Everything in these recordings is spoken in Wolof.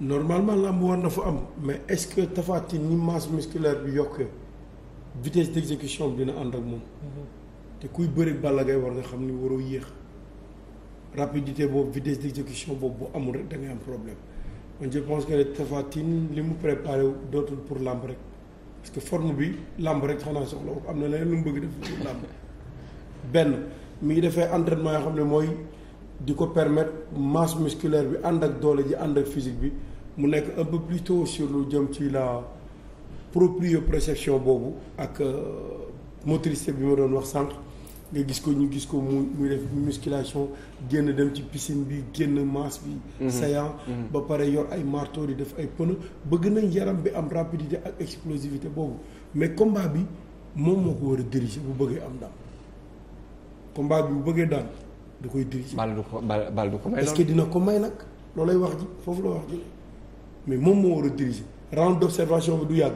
normalement làmb war na fa am mais est-ce que Tapha Tine ni masse musculaire bi yokkee vitesse d'exécution bi dina ànd ak moom mm-hmm. te kuy bëri Balla Gaye war nga xam ni waroo yéex rapidité boobu vitesse d'exécution boobu bu amul rek da ngay am problème man je pense que Tapha Tine li mu préparé dootul pour làmb rek parce que forme bi làmb rek xanaa soxla am na leen lu mu bëgg def làmb benn mi ngi defee entraînement yoo xam ne mooy di ko permettre masse musculaire bi ànd ak doole ji ànd ak physique bi mu nekk un peu plus tôt sur lu jëm ci la proprioception boobu ak euh, motricité bi ma doon wax sànq nga gis ko ñu gis ko mu muy def musculation génn dem ci piscine bi génn masse bi mhm. saillant mhm. ba pare yor ay marteau di def ay pneu bëgg nañ yaram bi am rapidité ak explosivité boobu mais combat bi moom moo ko war a diriger bu bëggee am ndam combat bi bu bëggee daan da koy diriger. bal du ko bal du ko may. est-ce ko may nag loolay wax ji foofu la wax ji mais moom moo war a diriger round d'observation bi du yàgg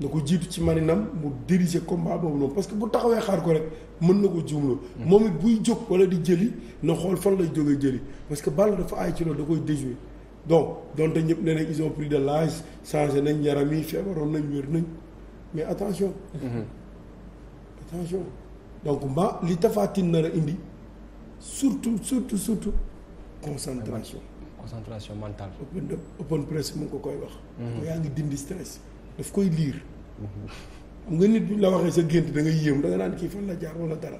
na ko jiitu ci maninam mu diriger combat boobu noonu parce que bu taxawee xaar ko rek mën na ko juumloo. Hmm. moom it buy jóg wala di jëli na xool fan lay jóge jëli parce que bal dafa aay ci loolu da koy déjouer donc donte ñëpp nee nañ ils ont pris de l'âge changé nañ yaram yi feebaroon nañ wér nañ mais attention. Hmm. attention donc ma li tafaatin na indi. surtout surtout surtout concentration. concentration mentale. open open press mu ngi ko koy wax. ko mhm. yaa ngi dindi stress. daf koy liir. mu mhm. nga nit bu ñu la waxee sa gént da nga yéem da nga naan kii fan la jaar wala dara.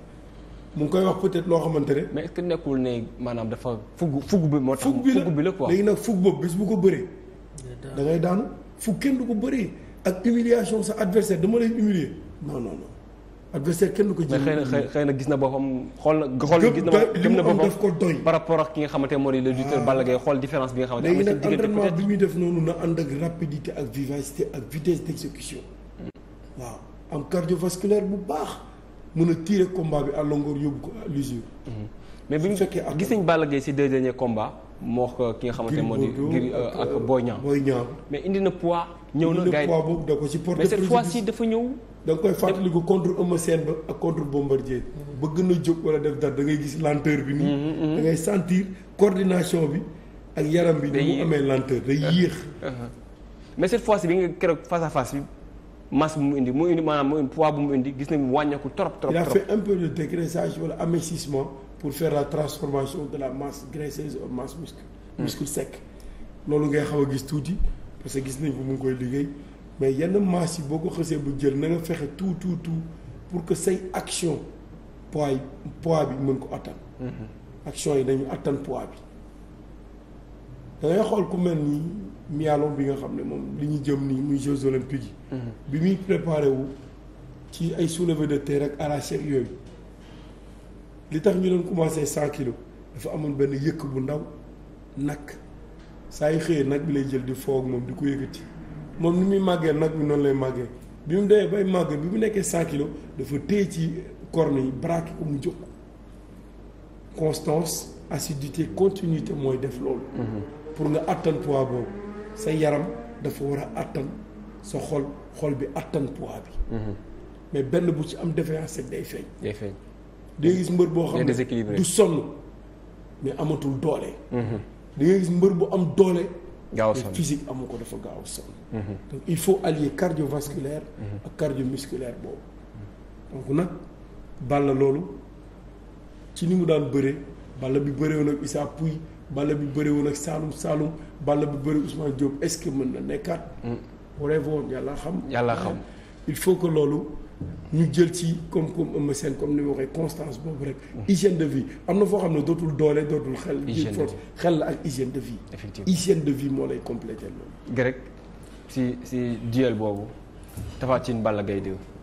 mu ngi koy wax peut-être loo xamante ne. mais est-ce que nekkul ne maanaam dafa fugg fugg bi moo tax. fugg bi la léegi nag fugg boobu bis bu ko bëree. da ngay daanu fugg kenn du ko bëree. ak humiliation sa adversaire dama lay humilier non non adversaire kenn du ko. mais xëy na xëy na gis na boppam xool na. xool na gis na gëm na boppam par rapport ak ki nga xamante ne moo di le lutteur ah. Balla Gaye xool différence bi nga xamante ne. am bi muy def noonu na ànd ak rapidité ak vivacité ak vitesse d'exécution. Mm. waaw am cardiovasculaire bu baax mën a tirer combat bi à longueur yóbbu ko à l'usure mm-hmm. mais bi ñu fekkee gis nañ Balla Gaye ci deux derniers moo ko ki nga xamante moo di Gris euh, ak euh, Boy Niang mais indi na poids ñëw na gars yi poids boobu da ko ci porte mais cette fois ci dafa ñëw da nga koy fàttaliku contre Eumeu ba ak contre bëgg na jóg wala def dara da ngay gis lenteur bi nii mm-hmm, mm-hmm. da ngay sentir coordination bi ak yaram bi ni mu amee lenteur day ah. yéex uh-huh. mais cette bi nga keroog face à face bi masse bu mu indi mu indi maanaam poids bu mu indi gis nañu wàññeeku trop trop il a fait un peu pour faire la transformation de la masse graisseuse en masse muscle hmm. muscle sec loolu ngay xaw a gis tuuti parce que gis nañ ko mu ngi koy liggéey mais yenn masse yi boo ko xësee bu jël na nga fexe tout tout tout pour que say action pois yi poids bi mën ko attan hmm. action yi dañu attan pois bi da ngay xool ku mel ni Mialo bi nga xam ne moom li ñu jëm nii muy Jeux olympiques yi hmm. bi muy préparé wu ci ay soulevé de terre ak arraché yooyu li tax ñu doon commencé cent kilo dafa amoon benn yëkk bu ndaw nag saa yu xëyee nag bi lay jël di foog moom di ko yëkkati moom ni muy màggee nag bi noonu lay màggee bi mu demee bay màgg bi mu nekkee cent kilos dafa téye ci corne yi braqué ko mu jóg constance assiduité continuité mooy def loolu. Mhm. pour nga attan poids boobu sa yaram dafa war a attan sa xol xol bi attan poids bi. Mhm. mais benn bu ci am défaillance day day feeñ. da gis mbër boo xam ne du sonn mais amatul doole. Mhm. da ngay gis mbër bu am doole. gaaw sonn amu ko dafa gaaw sonn. Mhm. donc il faut allier cardiovasculaire. Mhm. ak cardiomusculaire boobu. donc nag Balla loolu ci ni mu daan bëree Balla bi bëree woon ak Issa Pouye Balla bi bëree woon ak Saloum saalum Balla bi bëree Ousmane Diop est-ce que mën na nekkaat. bu mm. revoon yàlla xam. yàlla xam. il faut que loolu ñu jël ci comme comme Eumeu seen comme ni waxee constance boobu rek. hygiène de vie am na foo xam ne dootul doole dootul xel. hygiène de vie xel la ak hygiène de vie. effectivement hygiène de vie moo lay complété loolu. Greg si si duel boobu Tapha Tine Balla Gaye 2